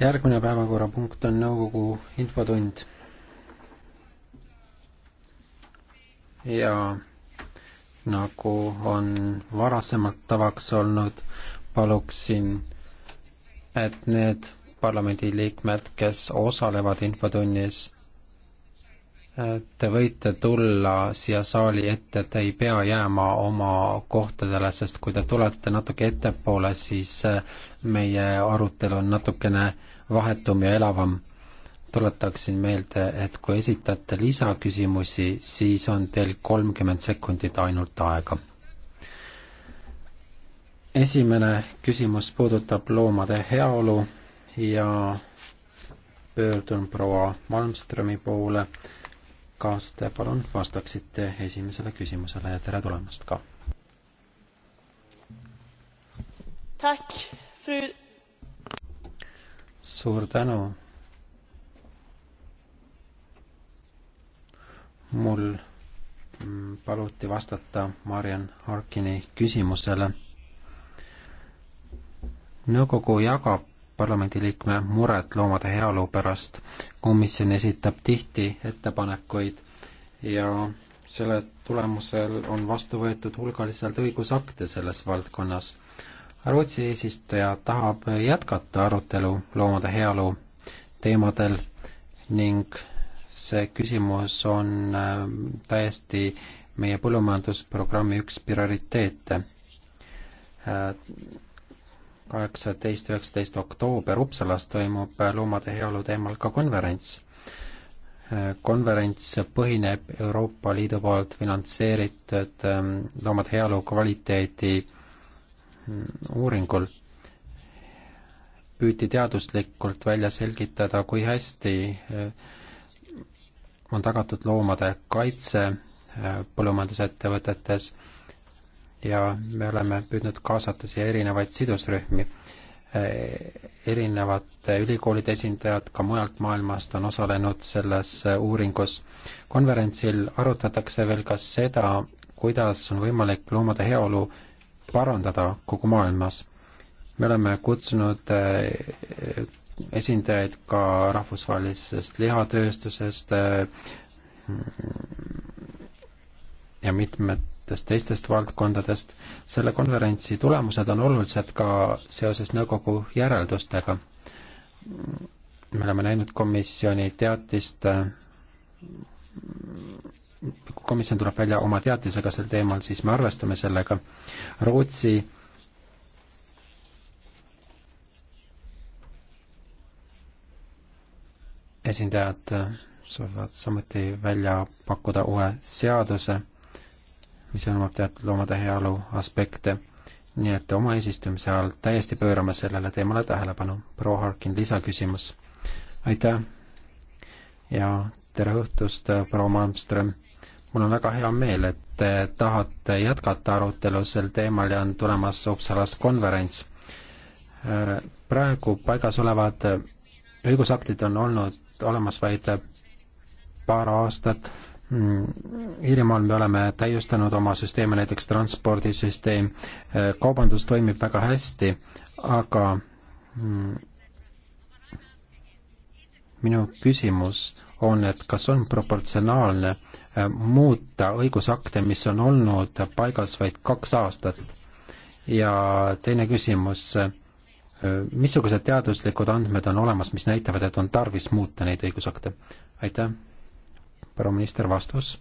järgmine päevakorrapunkt on nõukogu infotund. ja nagu on varasemalt tavaks olnud, paluksin, et need parlamendiliikmed, kes osalevad infotunnis Te võite tulla siia saali ette, te ei pea jääma oma kohtadele, sest kui te tulete natuke ettepoole, siis eh, meie arutelu on natukene vahetum ja elavam. tuletaksin meelde, et kui esitate lisaküsimusi, siis on teil kolmkümmend sekundit ainult aega. esimene küsimus puudutab loomade heaolu ja pöördun proua Malmströmi poole kas te palun vastaksite esimesele küsimusele ja tere tulemast ka. suur tänu. mul mm, paluti vastata Marian Harkini küsimusele. nõukogu jagab parlamendiliikme muret loomade heaolu pärast. komisjon esitab tihti ettepanekuid ja selle tulemusel on vastu võetud hulgaliselt õigusakte selles valdkonnas. Rootsi eesistuja tahab jätkata arutelu loomade heaolu teemadel ning see küsimus on äh, täiesti meie põllumajandusprogrammi üks prioriteete äh, kaheksateist, üheksateist oktoober Uppsalas toimub loomade heaolu teemal ka konverents. konverents põhineb Euroopa Liidu poolt finantseeritud ehm, loomade heaolu kvaliteedi mm, uuringul. püüti teaduslikult välja selgitada, kui hästi eh, on tagatud loomade kaitse eh, põllumajandusettevõtetes ja me oleme püüdnud kaasata siia erinevaid sidusrühmi. E, erinevate ülikoolide esindajad ka mujalt maailmast on osalenud selles uuringus. konverentsil arutatakse veel ka seda, kuidas on võimalik loomade heaolu parandada kogu maailmas. me oleme kutsunud e, esindajaid ka rahvusvahelisest lihatööstusest, ja mitmetest teistest valdkondadest. selle konverentsi tulemused on olulised ka seoses nõukogu järeldustega. me oleme näinud komisjoni teatist, komisjon tuleb välja oma teatisega sel teemal, siis me arvestame sellega. Rootsi esindajad soovivad samuti välja pakkuda uue seaduse iseloomab teatud loomade heaolu aspekte. nii et oma eesistumise ajal täiesti pöörame sellele teemale tähelepanu. proua Harkin, lisaküsimus. aitäh ja tere õhtust, proua Malmström. mul on väga hea meel, et te tahate jätkata arutelu sel teemal ja on tulemas Uppsalas konverents. praegu paigas olevad õigusaktid on olnud olemas vaid paar aastat Mm. Iirimaal me oleme täiustanud oma süsteeme, näiteks transpordisüsteem, eh, kaubandus toimib väga hästi, aga mm, minu küsimus on, et kas on proportsionaalne eh, muuta õigusakte, mis on olnud paigas vaid kaks aastat? ja teine küsimus, eh, missugused teaduslikud andmed on olemas, mis näitavad, et on tarvis muuta neid õigusakte? aitäh! proua minister, vastus.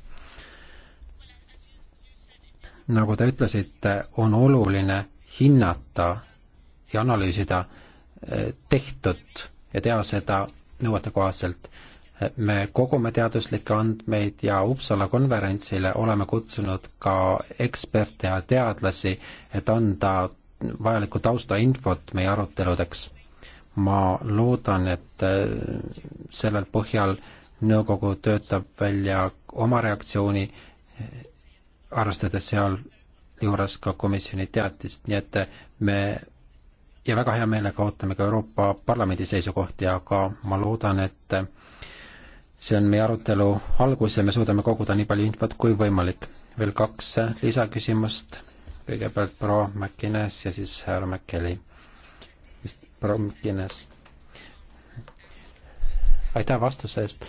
nagu te ütlesite, on oluline hinnata ja analüüsida eh, tehtut ja teha seda nõuetekohaselt. me kogume teaduslikke andmeid ja Uppsala konverentsile oleme kutsunud ka eksperte ja teadlasi, et anda vajalikku taustainfot meie aruteludeks. ma loodan, et eh, sellel põhjal nõukogu töötab välja oma reaktsiooni, arvestades sealjuures ka komisjoni teatist, nii et me ja väga hea meelega ootame ka Euroopa Parlamendi seisukohti, aga ma loodan, et see on meie arutelu algus ja me suudame koguda nii palju infot kui võimalik. veel kaks lisaküsimust, kõigepealt proua McInnes ja siis härra McKelly. proua McInnes. aitäh vastuse eest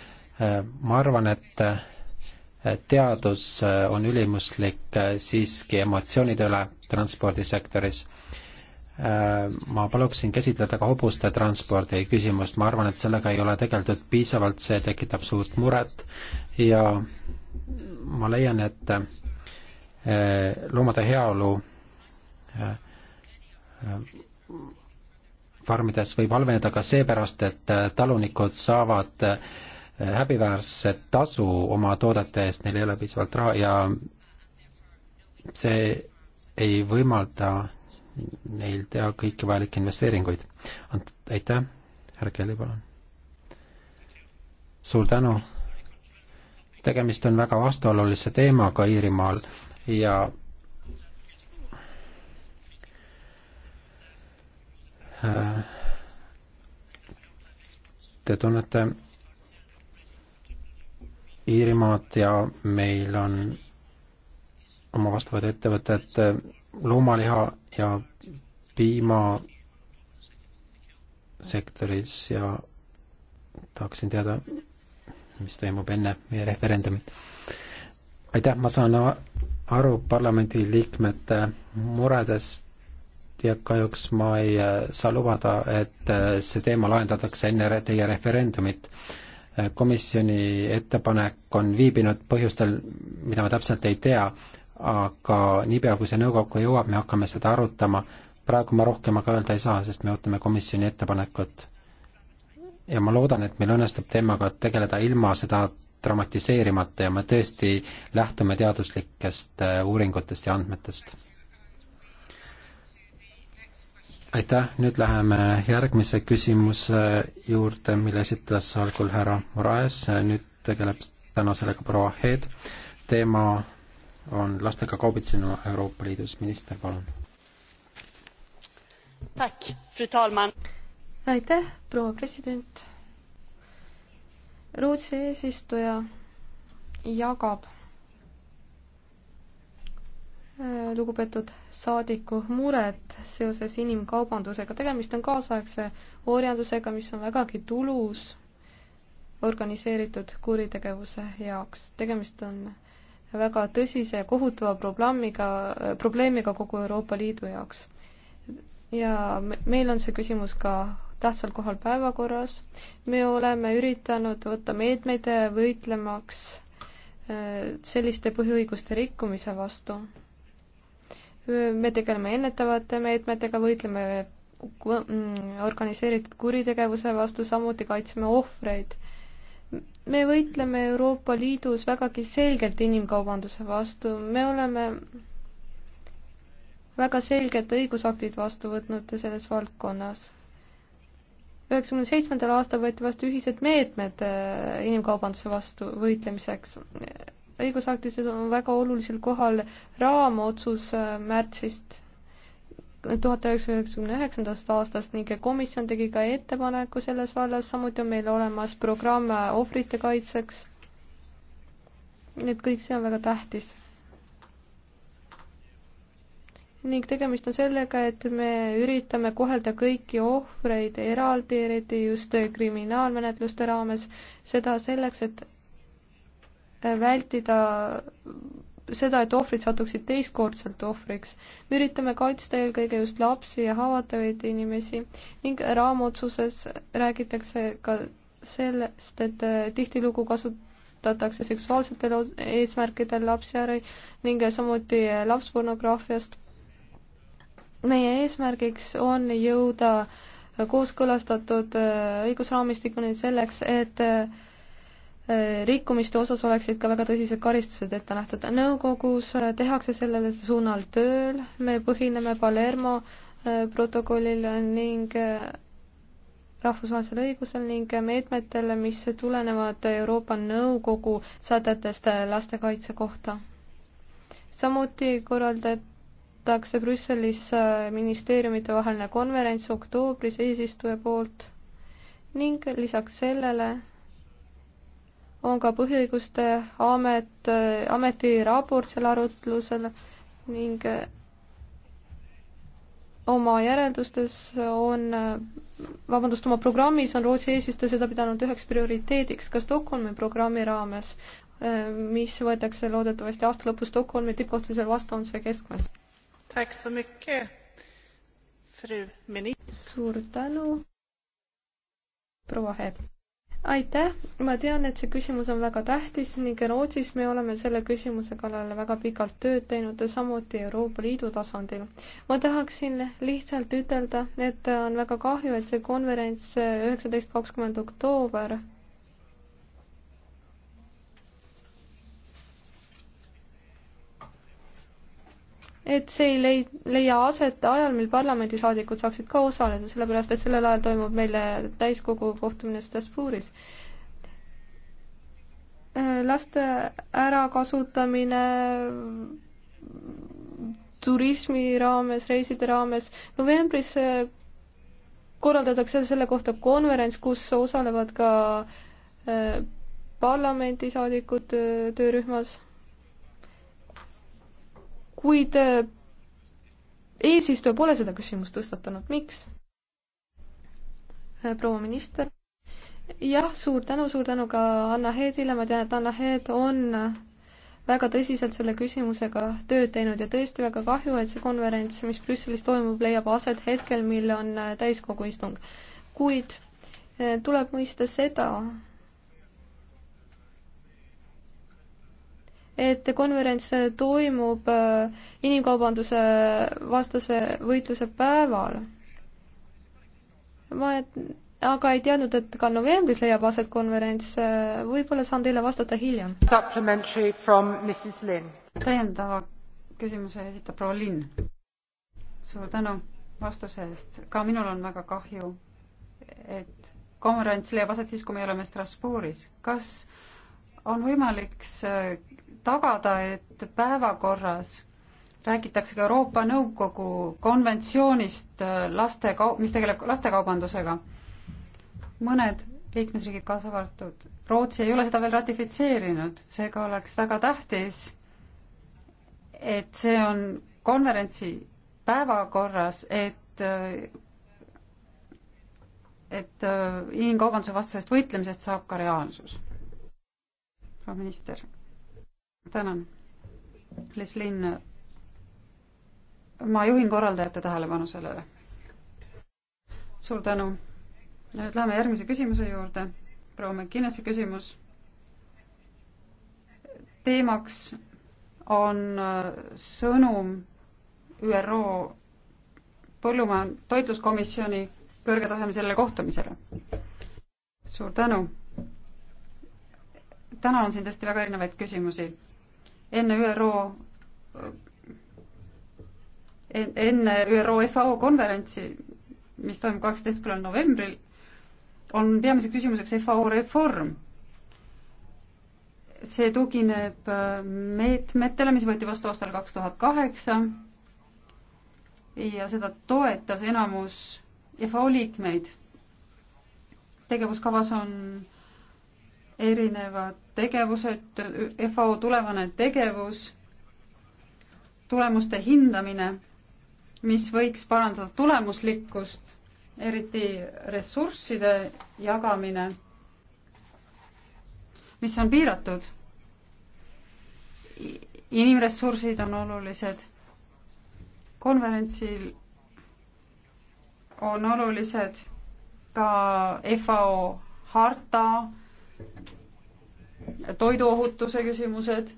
ma arvan, et teadus äh, on ülimuslik äh, siiski emotsioonide üle transpordisektoris. Äh, ma paluksin käsitleda ka hobuste transpordi küsimust, ma arvan, et sellega ei ole tegeldud piisavalt, see tekitab suurt muret ja ma leian, et loomade heaolu farmides võib halveneda ka seepärast, et talunikud saavad äh, häbiväärset tasu oma toodete eest, neil ei ole piisavalt raha ja see ei võimalda neil teha kõiki vajalikke investeeringuid. aitäh, härra Kelly, palun. suur tänu. tegemist on väga vastuolulise teemaga Iirimaal ja äh, Te tunnete Iirimaad ja meil on oma vastavad ettevõtted äh, loomaliha ja piimasektoris ja tahaksin teada, mis toimub enne meie referendumit. aitäh, ma saan aru parlamendi liikmete muredest ja kahjuks ma ei äh, saa lubada, et äh, see teema lahendatakse enne teie referendumit komisjoni ettepanek on viibinud põhjustel, mida ma täpselt ei tea, aga niipea, kui see nõukokku jõuab, me hakkame seda arutama. praegu ma rohkem aga öelda ei saa, sest me ootame komisjoni ettepanekut. ja ma loodan, et meil õnnestub teemaga tegeleda ilma seda dramatiseerimata ja me tõesti lähtume teaduslikest äh, uuringutest ja andmetest aitäh, nüüd läheme järgmise küsimuse juurde, mille esitas algul härra Moraes, nüüd tegeleb täna sellega proua Heed. teema on lastega kaubitsenu Euroopa Liidus, minister, palun. aitäh, proua president. Rootsi eesistuja jagab Äh, lugupeetud saadiku muret seoses inimkaubandusega. tegemist on kaasaegse orjandusega, mis on vägagi tulus organiseeritud kuritegevuse jaoks. tegemist on väga tõsise ja kohutava probleemiga, äh, probleemiga kogu Euroopa Liidu jaoks. ja meil on see küsimus ka tähtsal kohal päevakorras. me oleme üritanud võtta meetmeid võitlemaks äh, selliste põhiõiguste rikkumise vastu me tegeleme ennetavate meetmetega, võitleme mm, organiseeritud kuritegevuse vastu, samuti kaitseme ohvreid. me võitleme Euroopa Liidus vägagi selgelt inimkaubanduse vastu, me oleme väga selged õigusaktid vastu võtnud selles valdkonnas. üheksakümne seitsmendal aastal võeti vastu ühised meetmed äh, inimkaubanduse vastu võitlemiseks õigusaktis on väga olulisel kohal raamotsus äh, märtsist tuhat üheksasaja üheksakümne üheksandast aastast ning komisjon tegi ka ettepaneku selles vallas, samuti on meil olemas programm äh, ohvrite kaitseks. nii et kõik see on väga tähtis. ning tegemist on sellega, et me üritame kohelda kõiki ohvreid eraldi, eriti just kriminaalmenetluste raames, seda selleks, et vältida seda, et ohvrid satuksid teistkordselt ohvriks. me üritame kaitsta eelkõige just lapsi ja haavatavaid inimesi ning raamotsuses räägitakse ka sellest, et eh, tihtilugu kasutatakse seksuaalsetel eesmärkidel lapsi ära ning samuti eh, lapspornograafiast. meie eesmärgiks on jõuda kooskõlastatud eh, õigusraamistikuni selleks, et rikkumiste osas oleksid ka väga tõsised karistused ette nähtud. nõukogus äh, tehakse sellel suunal tööl, me põhineme Palermo äh, protokollil ning äh, rahvusvahelisel õigusel ning meetmetele, mis tulenevad Euroopa Nõukogu sätetest lastekaitse kohta. samuti korraldatakse Brüsselis ministeeriumite vaheline konverents oktoobris eesistuja poolt ning lisaks sellele on ka Põhiõiguste Amet, ameti raport seal arutlusel ning oma järeldustes on, vabandust, oma programmis on Rootsi eesistuja seda pidanud üheks prioriteediks ka Stockholmi programmi raames, mis võetakse loodetavasti aasta lõpus Stockholmi tippkohtumisel vastu, on see keskmes. suur tänu, proua Heep aitäh, ma tean, et see küsimus on väga tähtis ning Rootsis me oleme selle küsimuse kallal väga pikalt tööd teinud, samuti Euroopa Liidu tasandil. ma tahaksin lihtsalt ütelda, et on väga kahju, et see konverents üheksateist kakskümmend oktoober et see ei lei-, leia aset ajal, mil parlamendisaadikud saaksid ka osaleda, sellepärast et sellel ajal toimub meile täiskogu kohtumine Strasbourgis. Äh, laste ärakasutamine turismi raames, reiside raames, novembris äh, korraldatakse selle kohta konverents, kus osalevad ka äh, parlamendisaadikud töörühmas kuid eesistuja pole seda küsimust tõstatanud, miks? Äh, proua minister? jah, suur tänu, suur tänu ka Anna Heedile, ma tean, et Anna Heed on väga tõsiselt selle küsimusega tööd teinud ja tõesti väga kahju, et see konverents, mis Brüsselis toimub, leiab aset hetkel, mil on äh, täiskogu istung. kuid äh, tuleb mõista seda, et konverents toimub äh, inimkaubanduse vastase võitluse päeval. ma et, aga ei teadnud, et ka novembris leiab aset konverents, võib-olla saan teile vastata hiljem. täiendava küsimuse esitab proua Linn. suur tänu vastuse eest, ka minul on väga kahju, et konverents leiab aset siis, kui me oleme Strasbourgis. kas on võimalik tagada, et päevakorras räägitakse ka Euroopa Nõukogu konventsioonist äh, laste, mis tegeleb lastekaubandusega. mõned liikmesriigid, kaasa arvatud Rootsi, ei ole seda veel ratifitseerinud, seega oleks väga tähtis, et see on konverentsi päevakorras, et äh, et äh, inimkaubanduse vastasest võitlemisest saab ka reaalsus. proua minister tänan. Les Linn, ma juhin korraldajate tähelepanu sellele. suur tänu. nüüd läheme järgmise küsimuse juurde. proua McKinnesi küsimus. teemaks on äh, sõnum ÜRO põllumajand-, toitluskomisjoni kõrgetasemelisele kohtumisele. suur tänu. täna on siin tõesti väga erinevaid küsimusi enne ÜRO, enne ÜRO FAO konverentsi, mis toimub kaksteistkümnendal novembril, on peamise küsimuseks FAO reform. see tugineb äh, meetmetele, mis võeti vastu aastal kaks tuhat kaheksa ja seda toetas enamus FAO liikmeid. tegevuskavas on erinevad tegevused, FAO tulevane tegevus, tulemuste hindamine, mis võiks parandada tulemuslikkust, eriti ressursside jagamine, mis on piiratud. inimressursid on olulised. konverentsil on olulised ka FAO harta, toiduohutuse küsimused.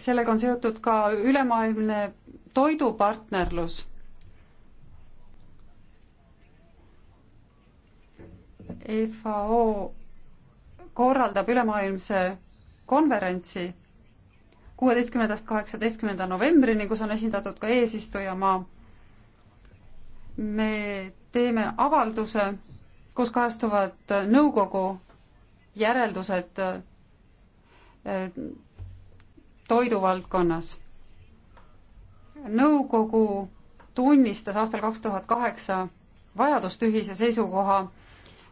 sellega on seotud ka ülemaailmne toidupartnerlus. E FAO korraldab ülemaailmse konverentsi kuueteistkümnendast kaheksateistkümnenda novembrini, kus on esindatud ka eesistujamaa me teeme avalduse, kus kajastuvad nõukogu järeldused äh, toiduvaldkonnas. nõukogu tunnistas aastal kaks tuhat kaheksa vajadust ühise seisukoha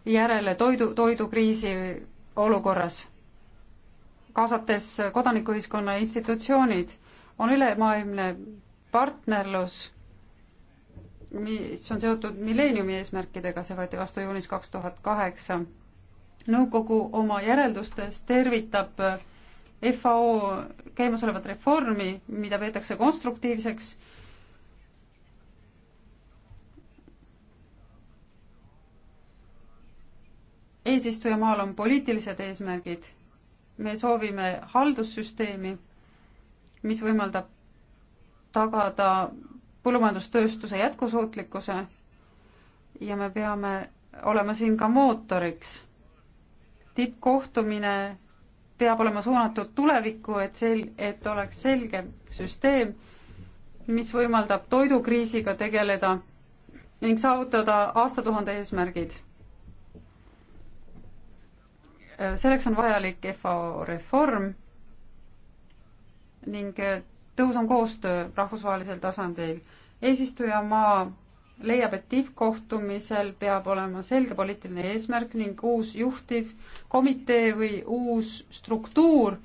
järele toidu, toidukriisi olukorras. kaasates kodanikuühiskonna institutsioonid, on ülemaailmne partnerlus mis on seotud milleeniumi eesmärkidega, see võeti vastu juunis kaks tuhat kaheksa. nõukogu oma järeldustes tervitab FAO käimasolevat reformi, mida peetakse konstruktiivseks. eesistujamaal on poliitilised eesmärgid. me soovime haldussüsteemi, mis võimaldab tagada põllumajandustööstuse jätkusuutlikkuse ja me peame olema siin ka mootoriks. tippkohtumine peab olema suunatud tulevikku, et sel-, et oleks selge süsteem, mis võimaldab toidukriisiga tegeleda ning saavutada aastatuhande eesmärgid. selleks on vajalik FAO reform ning tõhus on koostöö rahvusvahelisel tasandil. eesistujamaa leiab, et tippkohtumisel peab olema selge poliitiline eesmärk ning uus juhtiv komitee või uus struktuur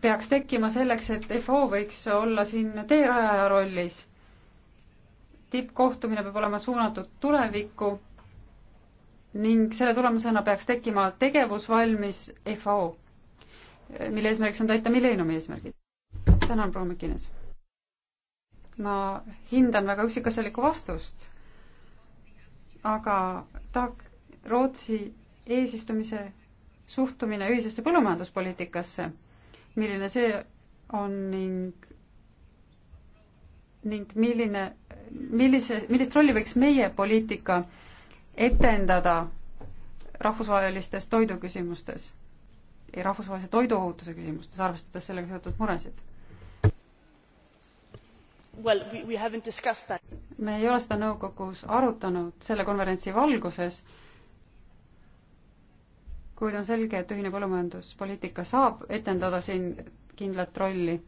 peaks tekkima selleks, et FO võiks olla siin teerajaja rollis. tippkohtumine peab olema suunatud tulevikku ning selle tulemusena peaks tekkima tegevusvalmis FO, mille eesmärgiks on täita milleeniumi eesmärgid tänan, proua Mäkines. ma hindan väga üksikasjalikku vastust, aga ta-, Rootsi eesistumise suhtumine ühisesse põllumajanduspoliitikasse, milline see on ning ning milline, millise, millist rolli võiks meie poliitika etendada rahvusvahelistes toiduküsimustes ja rahvusvahelise toiduohutuse küsimustes, arvestades sellega seotud muresid? well, we, we haven't discussed that. me ei ole seda nõukogus arutanud selle konverentsi valguses, kuid on selge, et ühine põllumajanduspoliitika saab etendada siin kindlat rolli.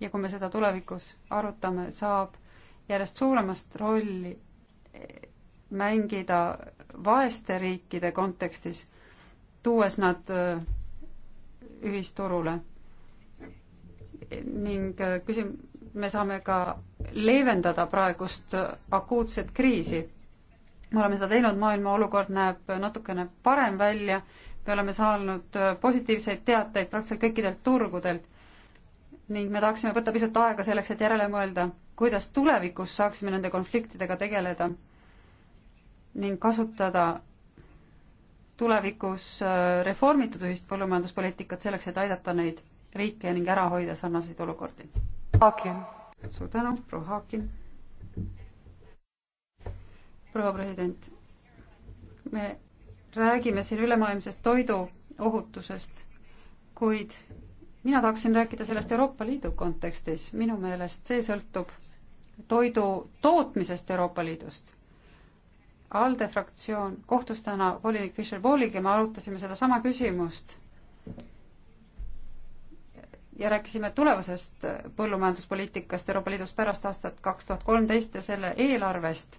ja kui me seda tulevikus arutame, saab järjest suuremast rolli mängida vaeste riikide kontekstis, tuues nad äh, ühisturule. ning äh, küsim-, me saame ka leevendada praegust akuutset kriisi. me oleme seda teinud, maailma olukord näeb natukene parem välja, me oleme saanud positiivseid teateid praktiliselt kõikidelt turgudelt ning me tahaksime võtta pisut aega selleks, et järele mõelda, kuidas tulevikus saaksime nende konfliktidega tegeleda ning kasutada tulevikus äh, reformitud ühist põllumajanduspoliitikat selleks, et aidata neid riike ning ära hoida sarnaseid olukordi suur tänu, proua Haakin. proua president, me räägime siin ülemaailmsest toiduohutusest, kuid mina tahaksin rääkida sellest Euroopa Liidu kontekstis, minu meelest see sõltub toidu tootmisest Euroopa Liidust. ALDE fraktsioon kohtus täna volinik Fischer-Pooliga, me arutasime sedasama küsimust ja rääkisime tulevasest põllumajanduspoliitikast Euroopa Liidus pärast aastat kaks tuhat kolmteist ja selle eelarvest.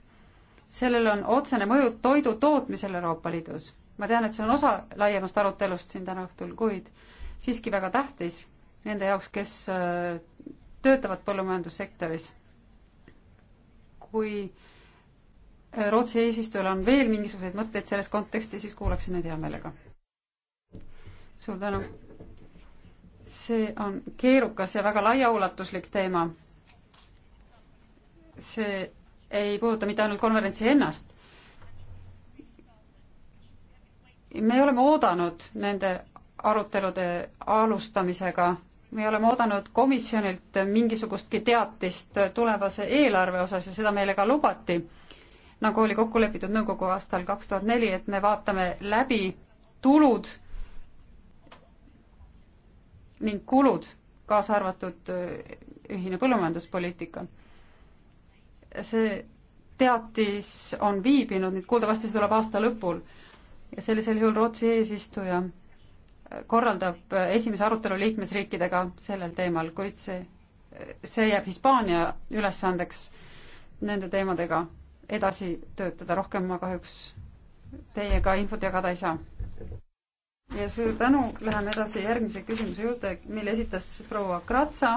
sellel on otsene mõju toidu tootmisel Euroopa Liidus. ma tean, et see on osa laiemast arutelust siin täna õhtul, kuid siiski väga tähtis nende jaoks, kes äh, töötavad põllumajandussektoris. kui äh, Rootsi eesistujal on veel mingisuguseid mõtteid selles kontekstis, siis kuulaksin neid hea meelega. suur tänu see on keerukas ja väga laiaulatuslik teema. see ei puuduta mitte ainult konverentsi ennast. me oleme oodanud nende arutelude alustamisega, me oleme oodanud komisjonilt mingisugustki teatist tulevase eelarve osas ja seda meile ka lubati, nagu oli kokku lepitud nõukogu aastal kaks tuhat neli, et me vaatame läbi tulud ning kulud, kaasa arvatud äh, ühine põllumajanduspoliitika. see teatis on viibinud, nüüd kuuldavasti see tuleb aasta lõpul ja sellisel juhul Rootsi eesistuja äh, korraldab äh, esimese arutelu liikmesriikidega sellel teemal, kuid see, see jääb Hispaania ülesandeks nende teemadega edasi töötada, rohkem ma kahjuks teiega infot jagada ei saa ja suur tänu, läheme edasi järgmise küsimuse juurde, mille esitas proua Kratsa,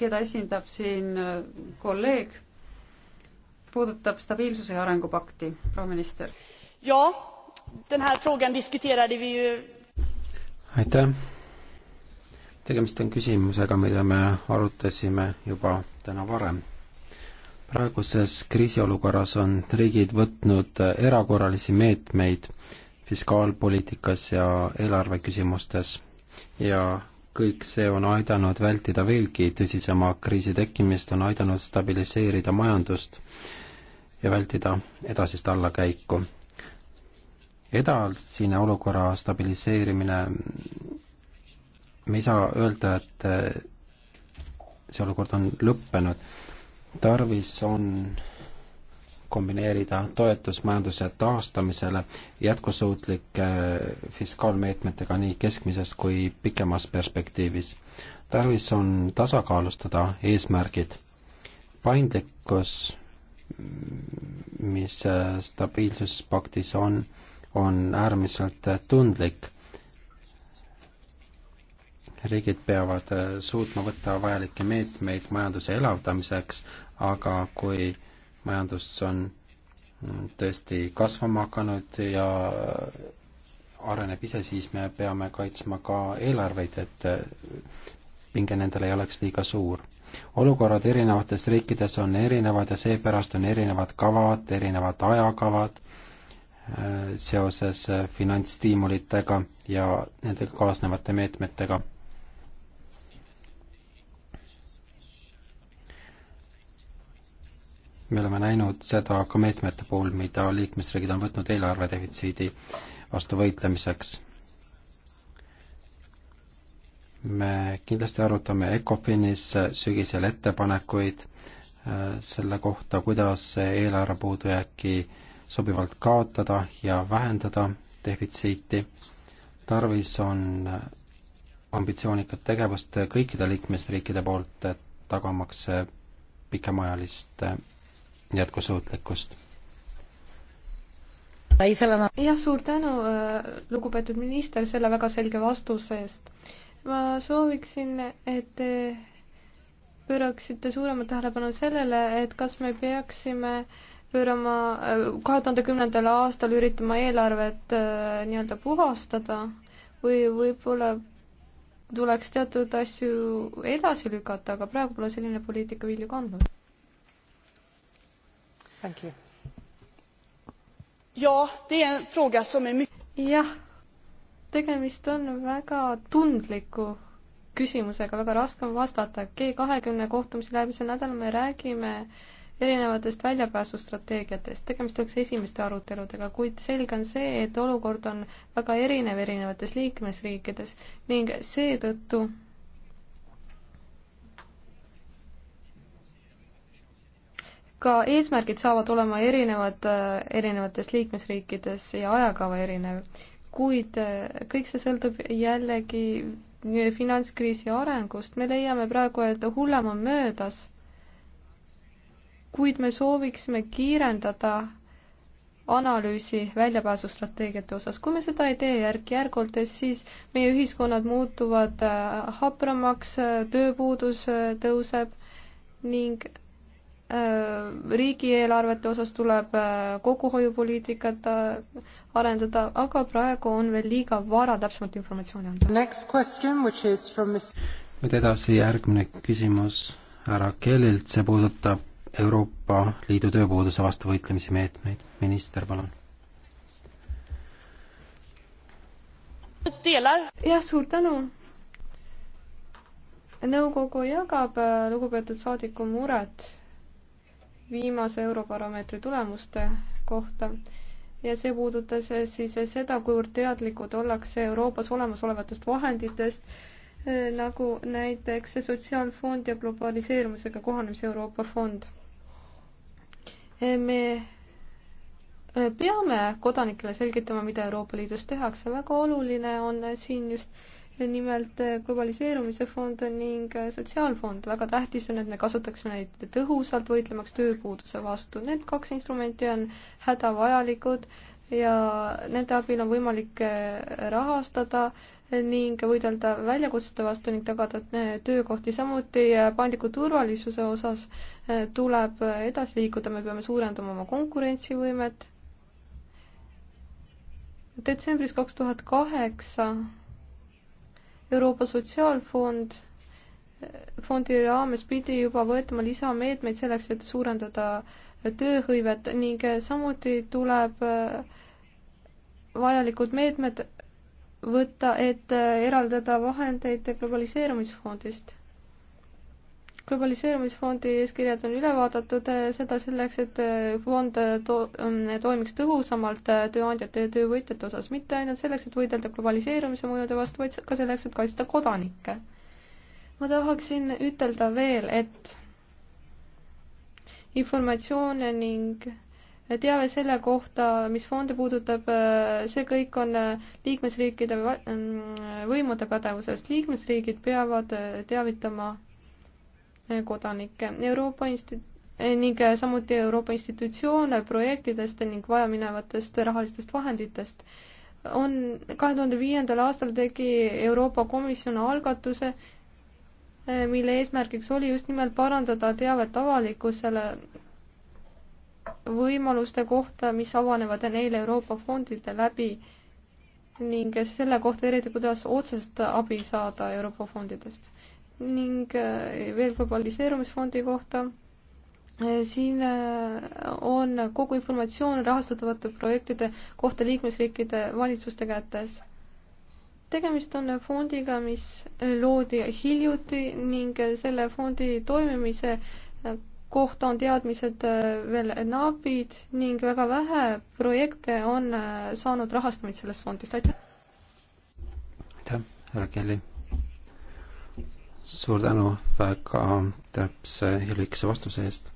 keda esindab siin äh, kolleeg, puudutab stabiilsuse ja arengupakti, proua minister. aitäh, tegemist on küsimusega, mida me arutasime juba täna varem praeguses kriisiolukorras on riigid võtnud erakorralisi meetmeid fiskaalpoliitikas ja eelarveküsimustes ja kõik see on aidanud vältida veelgi tõsisema kriisi tekkimist, on aidanud stabiliseerida majandust ja vältida edasist allakäiku. edasine olukorra stabiliseerimine, me ei saa öelda, et see olukord on lõppenud, tarvis on kombineerida toetus majanduse taastamisele jätkusuutlike äh, fiskaalmeetmetega nii keskmises kui pikemas perspektiivis. tarvis on tasakaalustada eesmärgid. paindlikkus, mis äh, stabiilsuspaktis on, on äärmiselt äh, tundlik riigid peavad suutma võtta vajalikke meetmeid majanduse elavdamiseks, aga kui majandus on tõesti kasvama hakanud ja areneb ise, siis me peame kaitsma ka eelarveid, et pinge nendele ei oleks liiga suur. olukorrad erinevates riikides on erinevad ja seepärast on erinevad kavad, erinevad ajakavad äh, seoses äh, finantsstiimulitega ja nendega kaasnevate meetmetega me oleme näinud seda ka meetmete puhul, mida liikmesriigid on võtnud eelarve defitsiidi vastu võitlemiseks. me kindlasti arutame ECOFINis sügisel ettepanekuid äh, selle kohta, kuidas eelarve puudujääki sobivalt kaotada ja vähendada defitsiiti. tarvis on ambitsioonikat tegevust kõikide liikmesriikide poolt, tagamaks pikemaajalist jätkusuutlikkust. jah, suur tänu, äh, lugupeetud minister, selle väga selge vastuse eest. ma sooviksin, et te pööraksite suuremat tähelepanu sellele, et kas me peaksime pöörama, äh, kahe tuhande kümnendal aastal üritama eelarvet äh, nii-öelda puhastada või võib-olla tuleks teatud asju edasi lükata, aga praegu pole selline poliitika vilju kandnud. Er er jah, tegemist on väga tundliku küsimusega, väga raske on vastata. G kahekümne kohtumise läbisel nädalal me räägime erinevatest väljapääsustrateegiatest, tegemist oleks esimeste aruteludega, kuid selge on see, et olukord on väga erinev erinevates liikmesriikides ning seetõttu ka eesmärgid saavad olema erinevad äh, erinevates liikmesriikides ja ajakava erinev, kuid äh, kõik see sõltub jällegi äh, finantskriisi arengust. me leiame praegu, et hullem on möödas, kuid me sooviksime kiirendada analüüsi väljapääsustrateegiate osas. kui me seda ei tee järk-järgult, siis meie ühiskonnad muutuvad hapramaks, tööpuudus tõuseb ning Äh, riigieelarvete osas tuleb äh, kokkuhoiupoliitikat äh, arendada, aga praegu on veel liiga vara täpsemat informatsiooni anda. nüüd edasi järgmine küsimus härra Kellilt, see puudutab Euroopa Liidu tööpuuduse vastu võitlemise meetmeid. minister, palun. jah, suur tänu nõukogu jagab lugupeetud saadiku muret viimase Eurobaromeetri tulemuste kohta ja see puudutas siis seda, kuivõrd teadlikud ollakse Euroopas olemasolevatest vahenditest, eh, nagu näiteks see Sotsiaalfond ja globaliseerumisega kohanemise Euroopa fond. Eh, me eh, peame kodanikele selgitama, mida Euroopa Liidus tehakse, väga oluline on siin just nimelt eh, globaliseerumise fond ning eh, sotsiaalfond. väga tähtis on, et me kasutaksime neid tõhusalt võitlemaks tööpuuduse vastu. Need kaks instrumenti on hädavajalikud ja nende abil on võimalik eh, rahastada ning võidelda väljakutsete vastu ning tagada töökohti. samuti paindliku turvalisuse osas tuleb edasi liikuda, me peame suurendama oma konkurentsivõimet. detsembris kaks tuhat kaheksa Euroopa Sotsiaalfond fondi raames pidi juba võetama lisameetmeid selleks, et suurendada tööhõivet ning samuti tuleb äh, vajalikud meetmed võtta, et äh, eraldada vahendeid globaliseerumisfondist globaliseerumisfondi eeskirjad on üle vaadatud, eh, seda selleks, et eh, fond eh, to-, mm, toimiks tõhusamalt tööandjate ja töövõtjate osas, mitte ainult selleks, et võidelda globaliseerumise mõjude vastu, vaid ka selleks, et kaitsta kodanikke. ma tahaksin ütelda veel, et informatsioone ning teave selle kohta, mis fonde puudutab, see kõik on liikmesriikide mm, võimude pädevusest. liikmesriigid peavad teavitama kodanikke. Euroopa insti-, ning samuti Euroopa institutsioone projektidest ning vajaminevatest rahalistest vahenditest. on, kahe tuhande viiendal aastal tegi Euroopa Komisjon algatuse, eh, mille eesmärgiks oli just nimelt parandada teavet avalikkusele võimaluste kohta, mis avanevad neile Euroopa fondide läbi ning selle kohta eriti, kuidas otsest abi saada Euroopa fondidest ning eh, veel globaliseerumisfondi kohta. Eh, siin eh, on kogu informatsioon rahastatavate projektide kohta liikmesriikide valitsuste kätes. tegemist on fondiga, mis loodi hiljuti ning selle fondi toimimise kohta on teadmised veel napid ning väga vähe projekte on saanud rahastamist sellest fondist, aitäh! aitäh, härra Kelly! suur tänu väga täpse ja lühikese vastuse eest.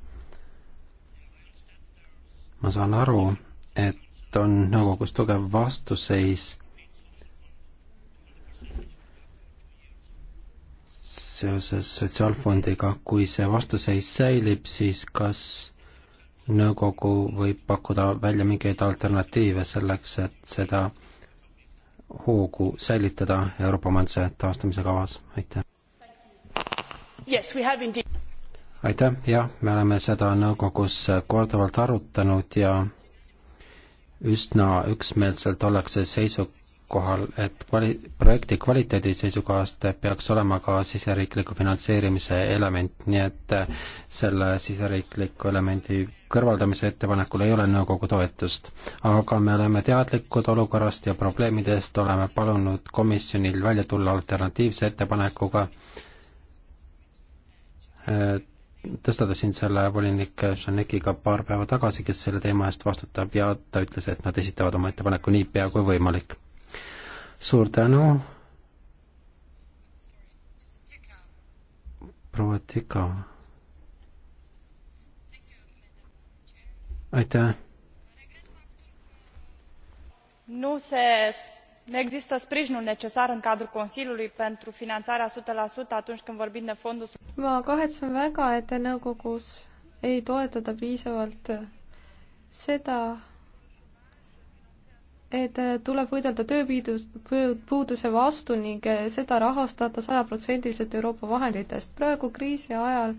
ma saan aru, et on nõukogus tugev vastuseis seoses sotsiaalfondiga, kui see vastuseis säilib, siis kas nõukogu võib pakkuda välja mingeid alternatiive selleks, et seda hoogu säilitada Euroopa majanduse taastamise kavas, aitäh! yes, indeed... aitäh, jah, me oleme seda nõukogus korduvalt arutanud ja üsna üksmeelselt ollakse seisukohal, et kvali-, projekti kvaliteedi seisukohast peaks olema ka siseriikliku finantseerimise element, nii et selle siseriikliku elemendi kõrvaldamise ettepanekul ei ole nõukogu toetust. aga me oleme teadlikud olukorrast ja probleemidest, oleme palunud komisjonil välja tulla alternatiivse ettepanekuga, tõstatasin selle volinik Žanekiga paar päeva tagasi, kes selle teema eest vastutab ja ta ütles, et nad esitavad oma ettepaneku niipea kui võimalik. suur tänu. proua Tika. aitäh. no see nu există sprijinul necesar în cadrul consiliului pentru finanarea o sută atunci când vorbim de fondul. ma kahetsen väga et nõukogus ei toetata piisavalt seda et tuleb võidelda tööpuuduse vastu ning seda rahastada sajaprotsendiliselt Euroopa vahenditest. praegu kriisi ajal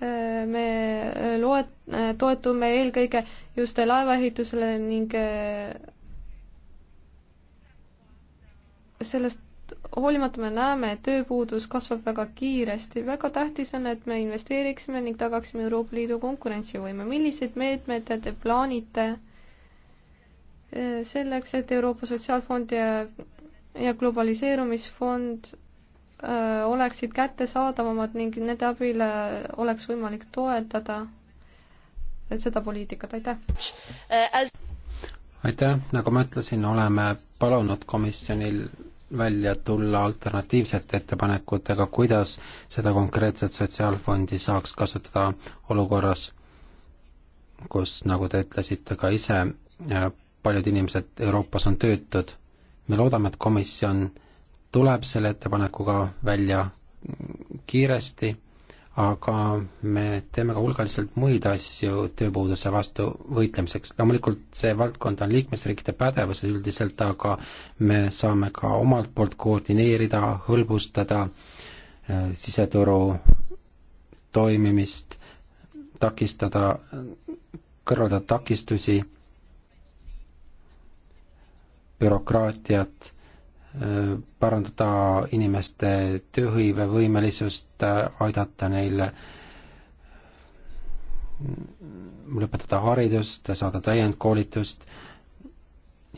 eh, me loet-, toetume eelkõige just laevaehitusele ning eh, sellest hoolimata me näeme, et tööpuudus kasvab väga kiiresti, väga tähtis on, et me investeeriksime ning tagaksime Euroopa Liidu konkurentsivõime. milliseid meetmeid te plaanite eh, selleks, et Euroopa Sotsiaalfond ja, ja Globaliseerumisfond öö, eh, oleksid kättesaadavamad ning nende abil eh, oleks võimalik toetada seda poliitikat, aitäh! aitäh, nagu ma ütlesin, oleme palunud komisjonil välja tulla alternatiivsete ettepanekutega, kuidas seda konkreetset sotsiaalfondi saaks kasutada olukorras, kus, nagu te ütlesite ka ise, äh, paljud inimesed Euroopas on töötud. me loodame, et komisjon tuleb selle ettepanekuga välja kiiresti aga me teeme ka hulgaliselt muid asju tööpuuduse vastu võitlemiseks. loomulikult see valdkond on liikmesriikide pädevuses üldiselt, aga me saame ka omalt poolt koordineerida, hõlbustada äh, siseturu toimimist, takistada, kõrvaldada takistusi, bürokraatiat parandada inimeste tööhõivevõimelisust, aidata neil lõpetada haridust, saada täiendkoolitust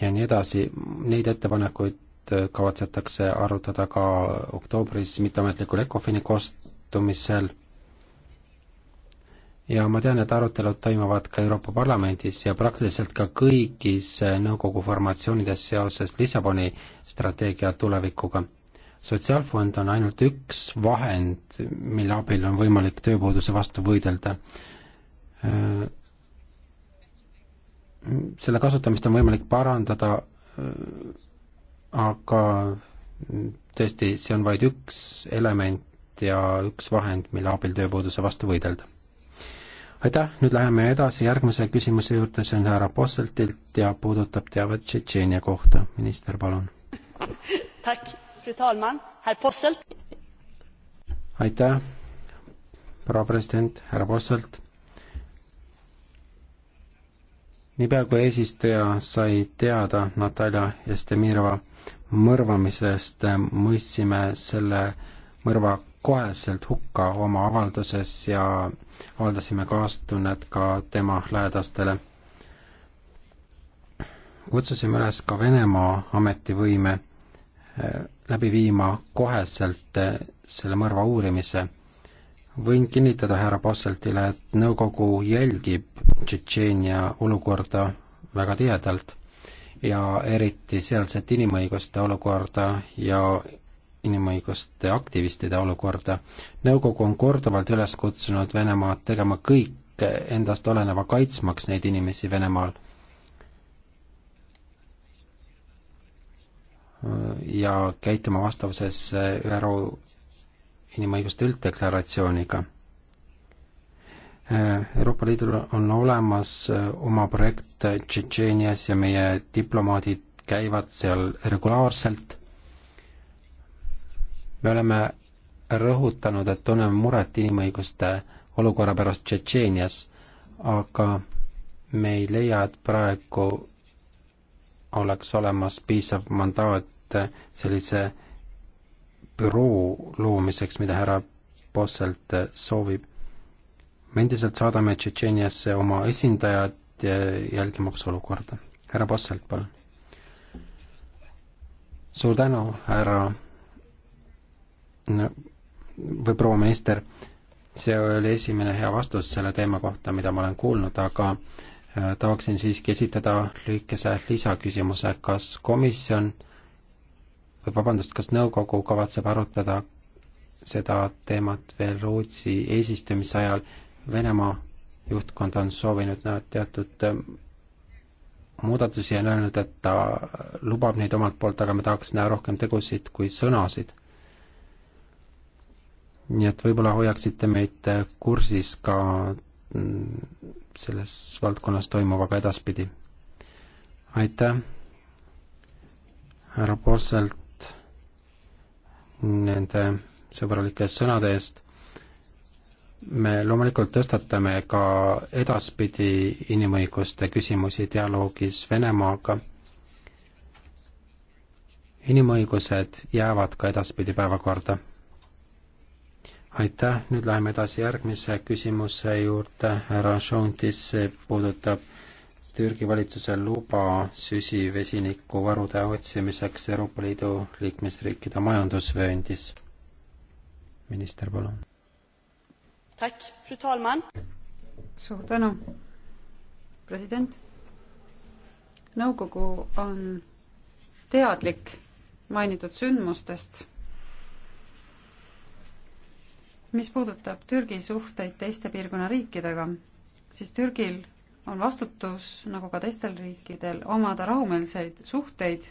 ja nii edasi, neid ettepanekuid kavatsetakse arutada ka oktoobris mitteametlikul ECOFIN-i kostumisel ja ma tean, et arutelud toimuvad ka Euroopa Parlamendis ja praktiliselt ka kõigis eh, nõukogu formatsioonides seoses Lissaboni strateegia tulevikuga. sotsiaalfond on ainult üks vahend, mille abil on võimalik tööpuuduse vastu võidelda eh, selle kasutamist on võimalik parandada, eh, aga tõesti, see on vaid üks element ja üks vahend, mille abil tööpuuduse vastu võidelda aitäh, nüüd läheme edasi järgmise küsimuse juurde, see on härra Posseltilt ja puudutab teavet Tšetšeenia kohta. minister, palun. aitäh, proua president, härra Posselt. niipea kui eesistuja sai teada Natalja Estemirova mõrvamisest, mõistsime selle mõrva koheselt hukka oma avalduses ja avaldasime kaastunnet ka tema lähedastele. kutsusime üles ka Venemaa ametivõime eh, läbi viima koheselt eh, selle mõrva uurimise. võin kinnitada härra Posseltile, et nõukogu jälgib Tšetšeenia olukorda väga tihedalt ja eriti sealset inimõiguste olukorda ja inimõiguste aktivistide olukorda. nõukogu on korduvalt üles kutsunud Venemaad tegema kõik endast oleneva kaitsmaks neid inimesi Venemaal. ja käituma vastavuses ÜRO inimõiguste ülddeklaratsiooniga. Euroopa Liidul on olemas oma projekt Tšetšeenias ja meie diplomaadid käivad seal regulaarselt me oleme rõhutanud, et tunneme muret inimõiguste olukorra pärast Tšetšeenias, aga me ei leia, et praegu oleks olemas piisav mandaat sellise büroo loomiseks, mida härra Posselt soovib. me endiselt saadame Tšetšeeniasse oma esindajad jälgimaks olukorda. härra Posselt, palun. suur tänu, härra või proua minister, see oli esimene hea vastus selle teema kohta, mida ma olen kuulnud, aga äh, tahaksin siiski esitada lühikese lisaküsimuse, kas komisjon või vabandust, kas nõukogu kavatseb arutada seda teemat veel Rootsi eesistumise ajal, Venemaa juhtkond on soovinud näha teatud ähm, muudatusi ja on öelnud, et ta lubab neid omalt poolt, aga me tahaks näha rohkem tegusid kui sõnasid nii et võib-olla hoiaksite meid kursis ka mm, selles valdkonnas toimuvaga edaspidi. aitäh härra Posselt nende sõbralike sõnade eest. me loomulikult tõstatame ka edaspidi inimõiguste küsimusi dialoogis Venemaaga. inimõigused jäävad ka edaspidi päevakorda aitäh, nüüd läheme edasi järgmise küsimuse juurde, härra Šontis, see puudutab Türgi valitsuse luba süsivesinikuvarude otsimiseks Euroopa Liidu liikmesriikide majandusvööndis. minister, palun. suur tänu, president. nõukogu on teadlik mainitud sündmustest mis puudutab Türgi suhteid teiste piirkonna riikidega, siis Türgil on vastutus, nagu ka teistel riikidel, omada rahumeelseid suhteid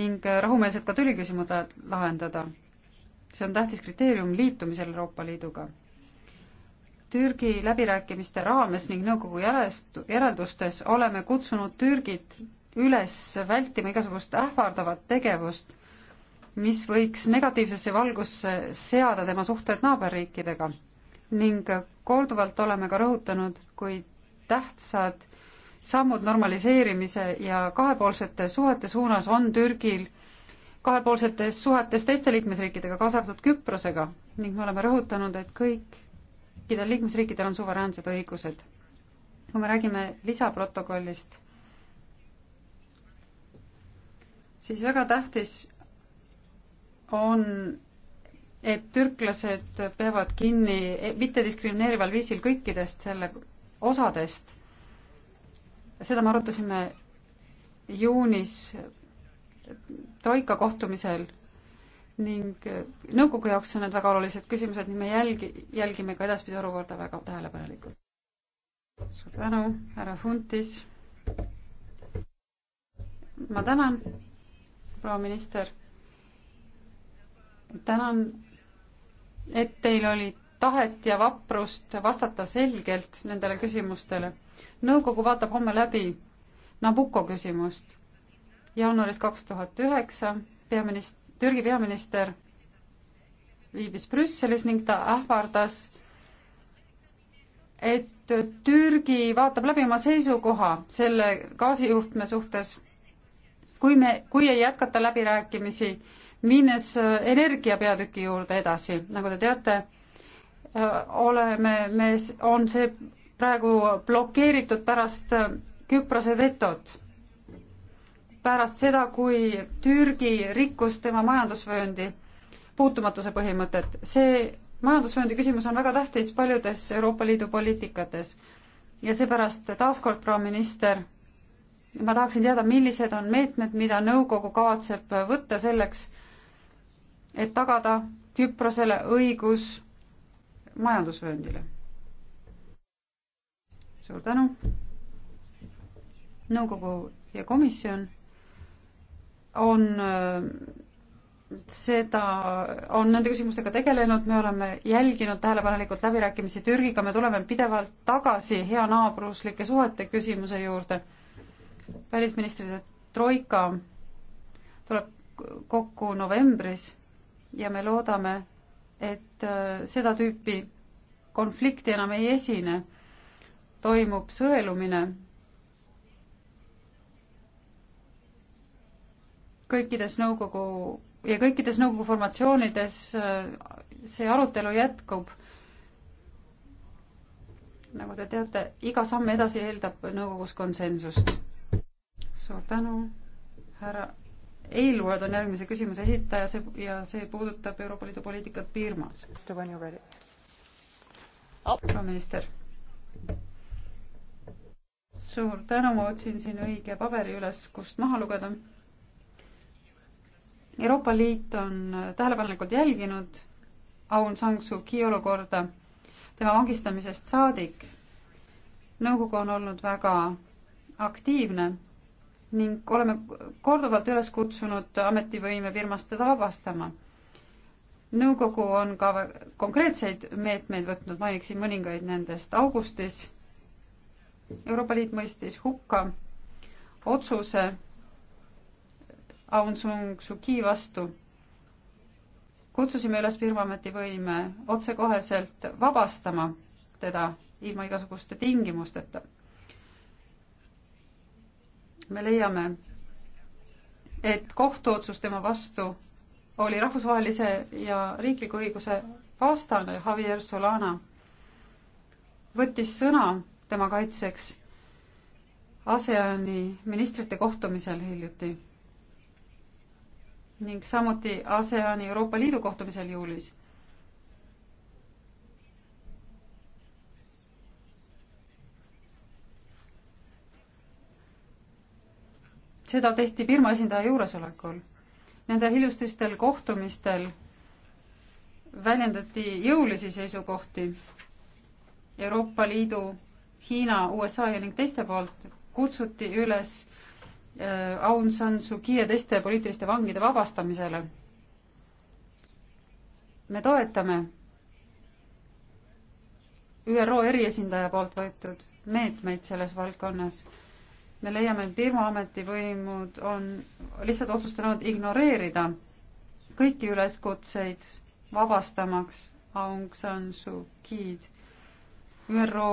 ning rahumeelselt ka Türgi küsimused lahendada. see on tähtis kriteerium liitumisel Euroopa Liiduga. Türgi läbirääkimiste raames ning nõukogu järjest, järeldustes oleme kutsunud Türgit üles vältima igasugust ähvardavat tegevust mis võiks negatiivsesse valgusse seada tema suhted naaberriikidega ning korduvalt oleme ka rõhutanud, kui tähtsad sammud normaliseerimise ja kahepoolsete suhete suunas on Türgil kahepoolsetes suhetes teiste liikmesriikidega, kaasa arvatud Küprosega ning me oleme rõhutanud, et kõikidel liikmesriikidel on suveräänsed õigused. kui me räägime lisaprotokollist, siis väga tähtis on, et türklased peavad kinni e, mittediskrimineerival viisil kõikidest selle osadest. seda me arutasime juunis troika kohtumisel ning nõukogu jaoks on need väga olulised küsimused, nii me jälgi, jälgime ka edaspidi olukorda väga tähelepanelikult. suur tänu, härra Funtis. ma tänan, proua minister tänan, et teil oli tahet ja vaprust vastata selgelt nendele küsimustele. nõukogu vaatab homme läbi Nabucco küsimust. jaanuaris kaks tuhat üheksa peaminist-, Türgi peaminister viibis Brüsselis ning ta ähvardas, et Türgi vaatab läbi oma seisukoha selle gaasijuhtme suhtes. kui me, kui ei jätkata läbirääkimisi, minnes äh, energia peatüki juurde edasi, nagu te teate, äh, oleme me, on see praegu blokeeritud pärast äh, Küprose vetot. pärast seda, kui Türgi rikkus tema majandusvööndi puutumatuse põhimõtet, see majandusvööndi küsimus on väga tähtis paljudes Euroopa Liidu poliitikates. ja seepärast taaskord, proua minister, ma tahaksin teada, millised on meetmed, mida nõukogu kavatseb võtta selleks, et tagada Küprosele õigus majandusvööndile. suur tänu. nõukogu ja komisjon on äh, seda, on nende küsimustega tegelenud, me oleme jälginud tähelepanelikult läbirääkimisi Türgiga, me tuleme pidevalt tagasi heanaabruslike suhete küsimuse juurde. välisministrite troika tuleb kokku novembris ja me loodame, et äh, seda tüüpi konflikti enam ei esine, toimub sõelumine kõikides nõukogu ja kõikides nõukogu formatsioonides äh, see arutelu jätkub. nagu te teate, iga samm edasi eeldab nõukogus konsensust. suur tänu, härra Eelvood on järgmise küsimuse esitaja see, ja see puudutab Euroopa Liidu poliitikat Birmas. Oh. proua minister. suur tänu, ma otsin siin õige paberi üles, kust maha lugeda. Euroopa Liit on tähelepanelikult jälginud Aung San Suu Kyi olukorda tema vangistamisest saadik. nõukogu on olnud väga aktiivne ning oleme korduvalt üles kutsunud ametivõime firmast teda vabastama. nõukogu on ka konkreetseid meetmeid võtnud, mainiksin mõningaid nendest. augustis Euroopa Liit mõistis hukka otsuse Aung San Suu Kyi vastu. kutsusime üles firma ametivõime otsekoheselt vabastama teda ilma igasuguste tingimusteta me leiame, et kohtuotsus tema vastu oli rahvusvahelise ja riikliku õiguse vastane Javier Solana võttis sõna tema kaitseks ASEAN-i ministrite kohtumisel hiljuti ning samuti ASEAN-i Euroopa Liidu kohtumisel juulis seda tehti Birma esindaja juuresolekul. Nendel hiljutistel kohtumistel väljendati jõulisi seisukohti Euroopa Liidu, Hiina, USA ja ning teiste poolt, kutsuti üles äh, Aung San Suu Kyi ja teiste poliitiliste vangide vabastamisele. me toetame ÜRO eriesindaja poolt võetud meetmeid selles valdkonnas me leiame, et Birma ametivõimud on lihtsalt otsustanud ignoreerida kõiki üleskutseid vabastamaks Aung San Suu Kyi'd. ÜRO,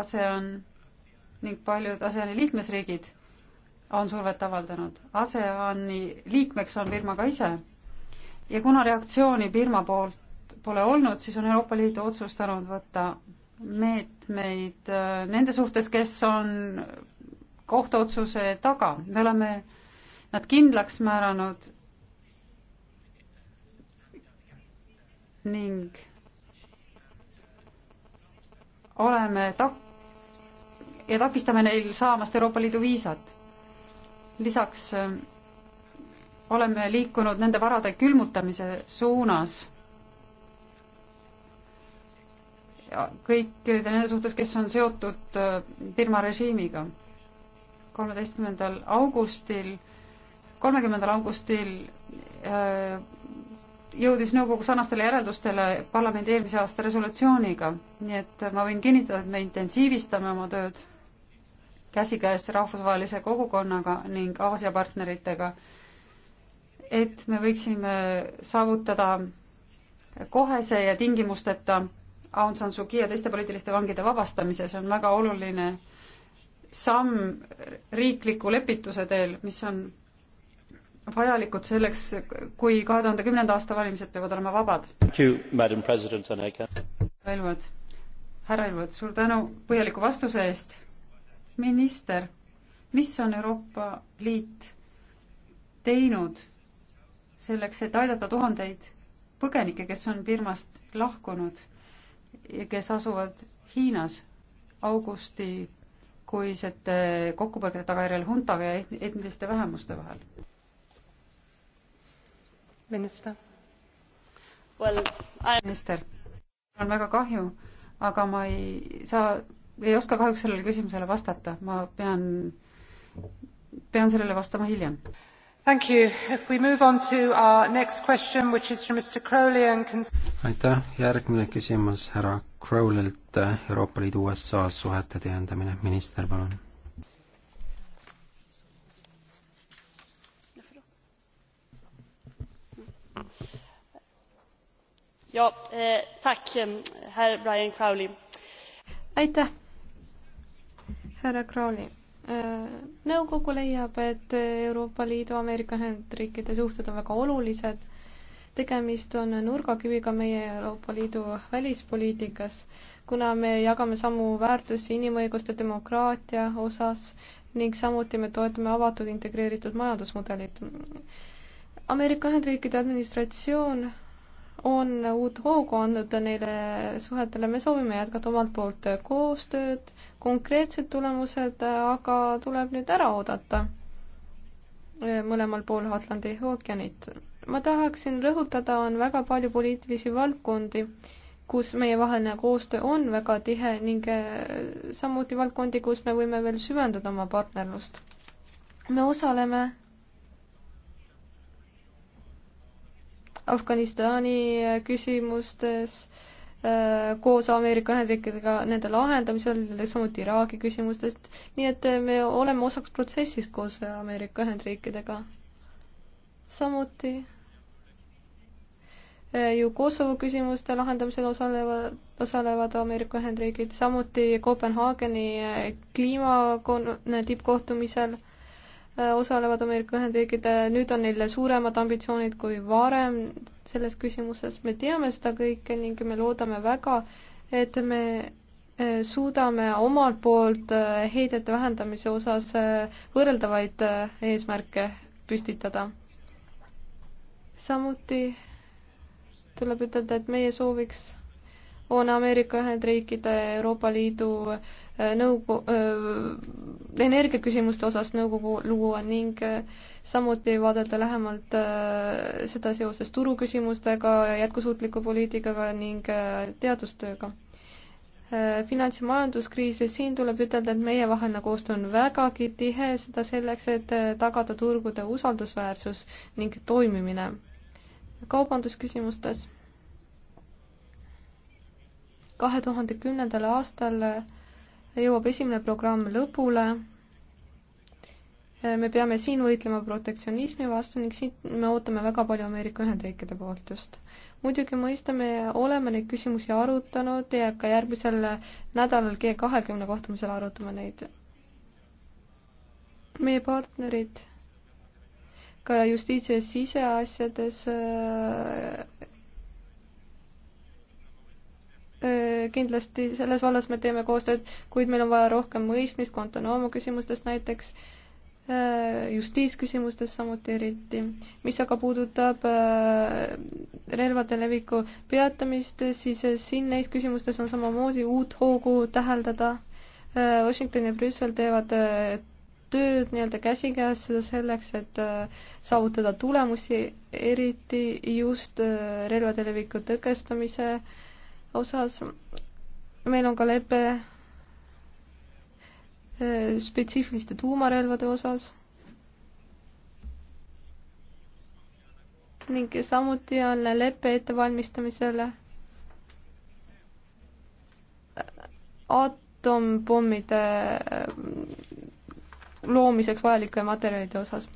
ASEAN ning paljud ASEAN-i liikmesriigid on survet avaldanud. ASEAN-i liikmeks on Birma ka ise. ja kuna reaktsiooni Birma poolt pole olnud, siis on Euroopa Liit otsustanud võtta meetmeid äh, nende suhtes, kes on kohtuotsuse taga, me oleme nad kindlaks määranud ning oleme tak- ja takistame neil saamast Euroopa Liidu viisat. lisaks äh, oleme liikunud nende varade külmutamise suunas kõikide nende suhtes, kes on seotud Birma äh, režiimiga. kolmeteistkümnendal augustil, kolmekümnendal augustil äh, jõudis nõukogu sarnastele järeldustele parlamendi eelmise aasta resolutsiooniga, nii et ma võin kinnitada, et me intensiivistame oma tööd käsikäes rahvusvahelise kogukonnaga ning Aasia partneritega, et me võiksime saavutada kohese ja tingimusteta Aung San Suu Kyi ja teiste poliitiliste vangide vabastamises on väga oluline samm riikliku lepituse teel, mis on vajalikud selleks, kui kahe tuhande kümnenda aasta valimised peavad olema vabad. Elvõt, härra Elvõt, suur tänu põhjaliku vastuse eest. minister, mis on Euroopa Liit teinud selleks, et aidata tuhandeid põgenikke, kes on Birmast lahkunud? kes asuvad Hiinas augustikuisete kokkupõrgete tagajärjel huntaga ja etniliste vähemuste vahel? minister well,. minister, mul on väga kahju, aga ma ei saa, ei oska kahjuks sellele küsimusele vastata, ma pean, pean sellele vastama hiljem aitäh, järgmine küsimus härra Crowley'lt, eh, Euroopa Liidu USA suhete tihendamine, minister, palun. ja eh, tack, eh, herr Brian Crowley. aitäh, härra Crowley Äh, nõukogu leiab, et Euroopa Liidu, Ameerika Ühendriikide suhted on väga olulised. tegemist on nurgakiviga meie Euroopa Liidu välispoliitikas, kuna me jagame samu väärtusi inimõiguste, demokraatia osas ning samuti me toetame avatud integreeritud majandusmudelit. Ameerika Ühendriikide administratsioon on uut hoogu andnud neile suhetele, me soovime jätkata omalt poolt koostööd, konkreetsed tulemused aga tuleb nüüd ära oodata mõlemal pool Atlandi ookeanit. ma tahaksin rõhutada, on väga palju poliitilisi valdkondi, kus meievaheline koostöö on väga tihe ning eh, samuti valdkondi, kus me võime veel süvendada oma partnerlust. me osaleme Afganistani äh, küsimustes äh, koos Ameerika Ühendriikidega nende lahendamisel, samuti Iraagi küsimustest, nii et äh, me oleme osaks protsessist koos Ameerika Ühendriikidega. samuti ju Kosovo küsimuste lahendamisel osalevad, osalevad Ameerika Ühendriigid, samuti Kopenhaageni kliimakon-, tippkohtumisel Äh, osalevad Ameerika Ühendriigid, äh, nüüd on neil suuremad ambitsioonid kui varem selles küsimuses, me teame seda kõike ning me loodame väga, et me äh, suudame omalt poolt heidete vähendamise osas võrreldavaid eesmärke püstitada. samuti tuleb ütelda, et meie sooviks on Ameerika Ühendriikide Euroopa Liidu äh, nõukogu äh,, energiaküsimuste osas nõukogu luua ning äh, samuti vaadelda lähemalt äh, seda seoses turuküsimustega, jätkusuutliku poliitikaga ning äh, teadustööga äh,. finants- ja majanduskriisis, siin tuleb ütelda, et meievaheline koostöö on vägagi tihe, seda selleks, et äh, tagada turgude usaldusväärsus ning toimimine. kaubandusküsimustes kahe tuhande kümnendal aastal jõuab esimene programm lõpule. me peame siin võitlema protektsionismi vastu ning siin me ootame väga palju Ameerika Ühendriikide poolt just. muidugi mõistame, oleme neid küsimusi arutanud ja ka järgmisel nädalal G kahekümne kohtumisel arutame neid. meie partnerid ka justiits- ja siseasjades Äh, kindlasti selles vallas me teeme koostööd, kuid meil on vaja rohkem mõistmist Guantanamo küsimustes näiteks, äh, justiitsküsimustes samuti eriti. mis aga puudutab äh, relvade leviku peatamist, siis siin neis küsimustes on samamoodi uut hoogu täheldada. Washington ja Brüssel teevad tööd nii-öelda käsikäes seda selleks, et saavutada tulemusi, eriti just relvade leviku tõkestamise äh, osas. meil on ka lepe äh, spetsiifiliste tuumarelvade osas. ning samuti on leppe ettevalmistamisel atompommide äh, loomiseks vajalike materjalide osas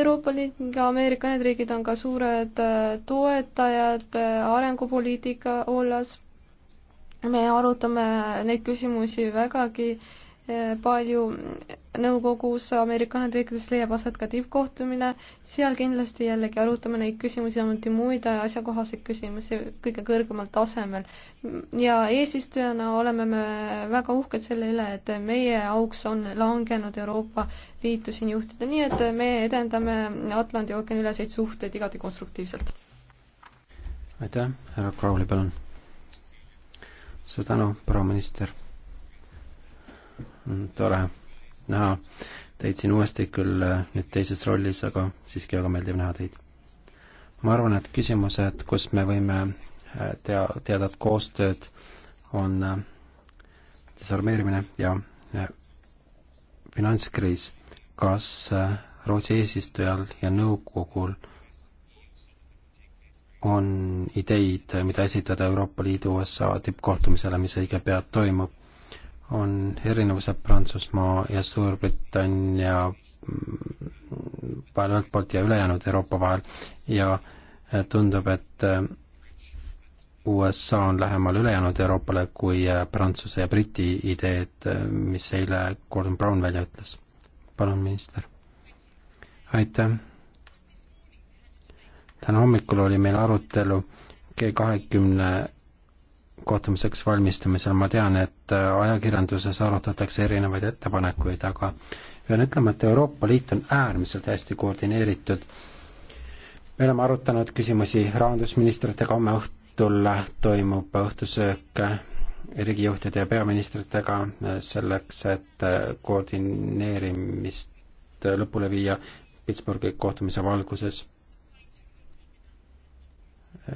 Euroopa Liit ja Ameerika Ühendriigid on ka suured äh, toetajad äh, arengupoliitika olles. me arutame neid küsimusi vägagi äh, palju nõukogus Ameerika Ühendriikides leiab aset ka tippkohtumine, seal kindlasti jällegi arutame neid küsimusi, samuti muid asjakohaseid küsimusi kõige kõrgemal tasemel. ja eesistujana oleme me väga uhked selle üle, et meie auks on langenud Euroopa Liitu siin juhtida, nii et me edendame Atlandi ookeani üleseid suhteid igati konstruktiivselt. aitäh, härra Crowley, palun. suur tänu, proua minister Mhm, tore näha teid siin uuesti, küll äh, nüüd teises rollis, aga siiski väga meeldiv näha teid. ma arvan, et küsimused, kus me võime äh, tea, teadvat koostööd, on äh, desarmeerimine ja finantskriis. kas Rootsi eesistujal ja nõukogul on ideid, mida esitada Euroopa Liidu USA tippkohtumisele, mis õige pea toimub on erinevused Prantsusmaa ja Suurbritannia vahel ühelt poolt ja ülejäänud Euroopa vahel ja eh, tundub, et eh, USA on lähemal ülejäänud Euroopale kui eh, Prantsuse ja Briti ideed, mis eile Gordon Brown välja ütles. palun, minister. aitäh. täna hommikul oli meil arutelu G kahekümne 20 kohtumiseks valmistumisel ma tean, et äh, ajakirjanduses arutatakse erinevaid ettepanekuid, aga pean ütlema, et Euroopa Liit on äärmiselt hästi koordineeritud. me oleme arutanud küsimusi rahandusministritega, homme õhtul toimub õhtusöök äh, riigijuhtide ja peaministritega äh, selleks, et koordineerimist lõpule viia Pittsburghi kohtumise valguses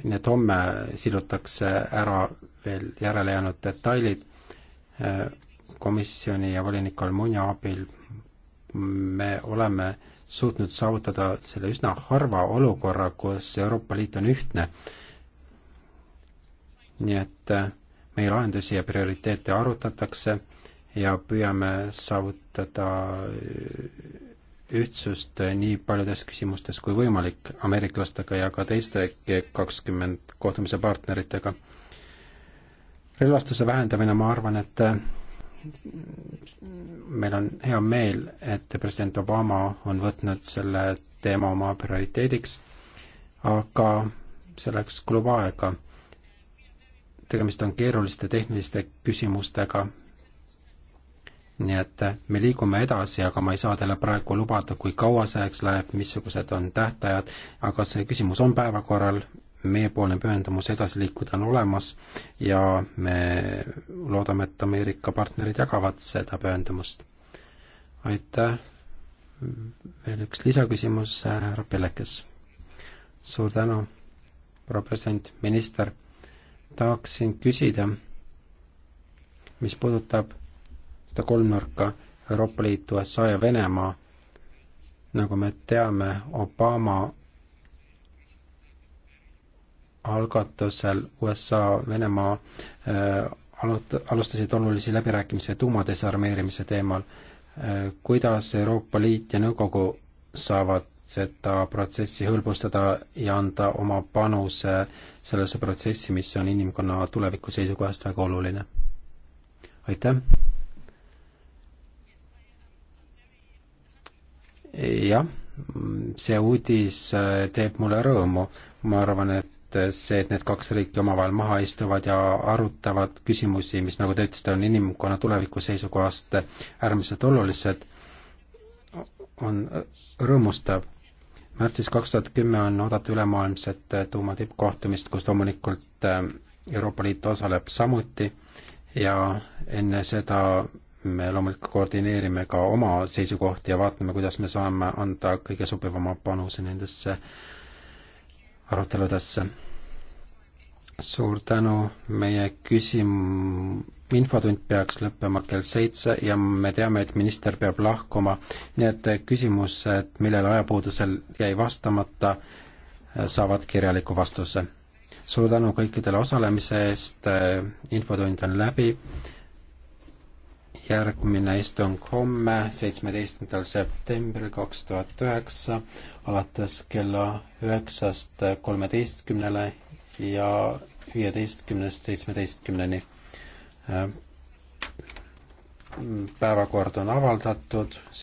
nii et homme silutakse ära veel järelejäänud detailid komisjoni ja volinik Almunia abil me oleme suutnud saavutada selle üsna harva olukorra, kus Euroopa Liit on ühtne. nii et äh, meie lahendusi ja prioriteete arutatakse ja püüame saavutada äh, ühtsust nii paljudes küsimustes kui võimalik ameeriklastega ja ka teiste G kakskümmend kohtumise partneritega. relvastuse vähendamine, ma arvan, et mm, meil on hea meel, et president Obama on võtnud selle teema oma prioriteediks, aga selleks kulub aega. tegemist on keeruliste tehniliste küsimustega, nii et eh, me liigume edasi, aga ma ei saa teile praegu lubada, kui kaua selleks läheb, missugused on tähtajad, aga see küsimus on päevakorral, meiepoolne pühendumus edasi liikuda on olemas ja me loodame, et Ameerika partnerid jagavad seda pühendumust. aitäh, veel üks lisaküsimus, eh, härra Pellekes. suur tänu, härra president, minister, tahaksin küsida, mis puudutab seda kolmnurka, Euroopa Liit, USA ja Venemaa, nagu me teame, Obama algatusel USA, Venemaa äh, alut-, alustasid olulisi läbirääkimisi tuumadesarmeerimise teemal. Äh, kuidas Euroopa Liit ja Nõukogu saavad seda protsessi hõlbustada ja anda oma panuse sellesse protsessi, mis on inimkonna tuleviku seisukohast väga oluline? aitäh! jah, see uudis äh, teeb mulle rõõmu, ma arvan, et äh, see, et need kaks riiki omavahel maha istuvad ja arutavad küsimusi, mis nagu te ütlesite, on inimkonna tuleviku seisukohast äärmiselt olulised, on äh, rõõmustav. märtsis kaks tuhat kümme on oodata ülemaailmset tuuma tippkohtumist, kus loomulikult Euroopa Liit osaleb samuti ja enne seda me loomulikult koordineerime ka oma seisukohti ja vaatame, kuidas me saame anda kõige sobivama panuse nendesse aruteludesse. suur tänu, meie küsim-, infotund peaks lõppema kell seitse ja me teame, et minister peab lahkuma, nii et küsimused, millele ajapuudusel jäi vastamata, saavad kirjaliku vastuse. suur tänu kõikidele osalemise eest, infotund on läbi järgmine istung homme, seitsmeteistkümnendal septembril kaks tuhat üheksa alates kella üheksast kolmeteistkümnele ja viieteistkümnest seitsmeteistkümneni. Äh, päevakord on avaldatud.